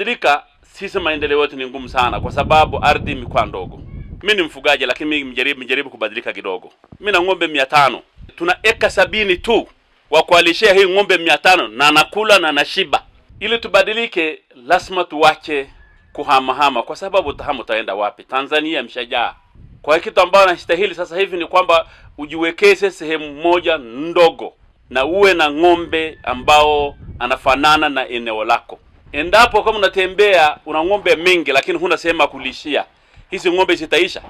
Tukibadilika sisi, maendeleo yetu ni ngumu sana, kwa sababu ardhi imekuwa ndogo. Mimi ni mfugaji, lakini mimi mjaribu mjaribu kubadilika kidogo. Mimi na ng'ombe 500 tuna eka sabini tu wa kualishia hii ng'ombe 500 na nakula na nashiba. Ili tubadilike, lazima tuwache kuhamahama, kwa sababu tahamu taenda wapi? Tanzania mshajaa. Kwa hiyo kitu ambayo nastahili sasa hivi ni kwamba ujiwekeze sehemu moja ndogo na uwe na ng'ombe ambao anafanana na eneo lako endapo kama unatembea una ng'ombe mingi lakini huna sehemu ya kulishia, hizi ng'ombe zitaisha.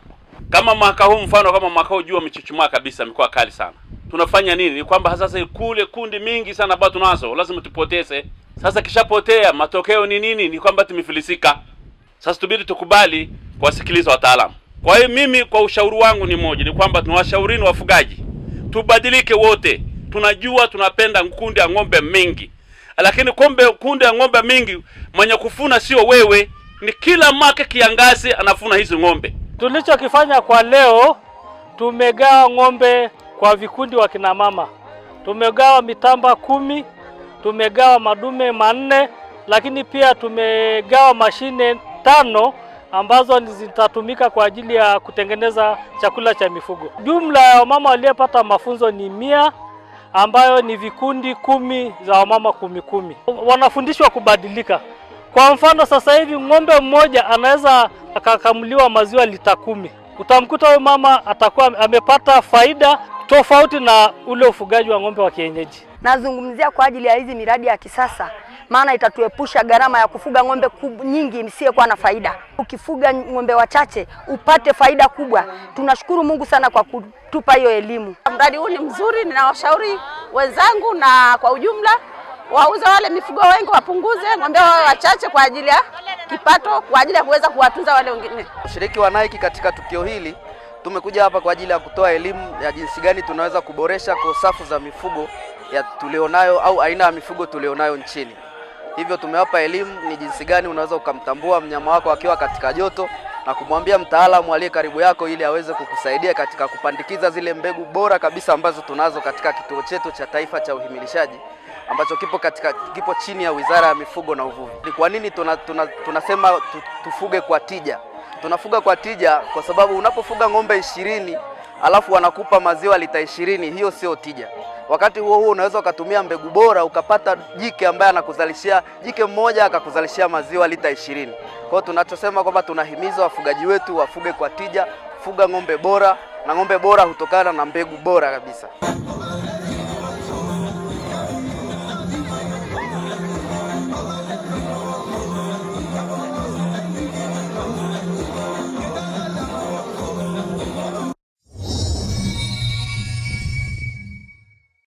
Kama mwaka huu mfano, kama mwaka huu jua umechuchumaa kabisa, mikoa kali sana. Tunafanya nini? Ni kwamba sasa kule kundi mingi sana ambayo tunazo lazima tupoteze. Sasa kishapotea, matokeo ni nini? Ni kwamba tumefilisika. Sasa tubidi tukubali kuwasikiliza wataalamu. Kwa hiyo mimi, kwa ushauri wangu ni moja, ni kwamba tunawashaurini wafugaji tubadilike wote. Tunajua tunapenda kundi ya ng'ombe mingi lakini kumbe kunde ya ng'ombe mingi, mwenye kufuna sio wewe, ni kila mwaka kiangazi anafuna hizi ng'ombe. Tulichokifanya kwa leo, tumegawa ng'ombe kwa vikundi wa kina mama, tumegawa mitamba kumi, tumegawa madume manne, lakini pia tumegawa mashine tano ambazo zitatumika kwa ajili ya kutengeneza chakula cha mifugo. Jumla ya wamama waliopata mafunzo ni mia ambayo ni vikundi kumi za wamama kumi kumi. Wanafundishwa kubadilika. Kwa mfano sasa hivi ng'ombe mmoja anaweza akakamuliwa maziwa lita kumi. Utamkuta huyu mama atakuwa amepata faida tofauti na ule ufugaji wa ng'ombe wa kienyeji. Nazungumzia kwa ajili ya hizi miradi ya kisasa maana itatuepusha gharama ya kufuga ng'ombe nyingi msiyekuwa na faida. Ukifuga ng'ombe wachache upate faida kubwa. Tunashukuru Mungu sana kwa kutupa hiyo elimu. Mradi huu ni mzuri, ninawashauri wenzangu na kwa ujumla wauze wale mifugo wengi, wapunguze ng'ombe wao wachache kwa ajili ya kipato, kwa ajili ya kuweza kuwatunza wale wengine. Ushiriki wa Nike katika tukio hili, tumekuja hapa kwa ajili ya kutoa elimu ya jinsi gani tunaweza kuboresha kwa safu za mifugo ya tulionayo au aina ya mifugo tulionayo nchini. Hivyo tumewapa elimu ni jinsi gani unaweza ukamtambua mnyama wako akiwa katika joto na kumwambia mtaalamu aliye karibu yako ili aweze kukusaidia katika kupandikiza zile mbegu bora kabisa ambazo tunazo katika kituo chetu cha taifa cha uhimilishaji ambacho kipo katika kipo chini ya Wizara ya Mifugo na Uvuvi. Ni kwa nini tuna, tuna, tunasema tufuge kwa tija? Tunafuga kwa tija kwa sababu unapofuga ng'ombe ishirini alafu wanakupa maziwa lita ishirini, hiyo sio tija. Wakati huo huo unaweza ukatumia mbegu bora ukapata jike ambaye anakuzalishia jike mmoja akakuzalishia maziwa lita ishirini. Kwa hiyo tunachosema kwamba tunahimiza wafugaji wetu wafuge kwa tija, fuga ng'ombe bora, na ng'ombe bora hutokana na mbegu bora kabisa.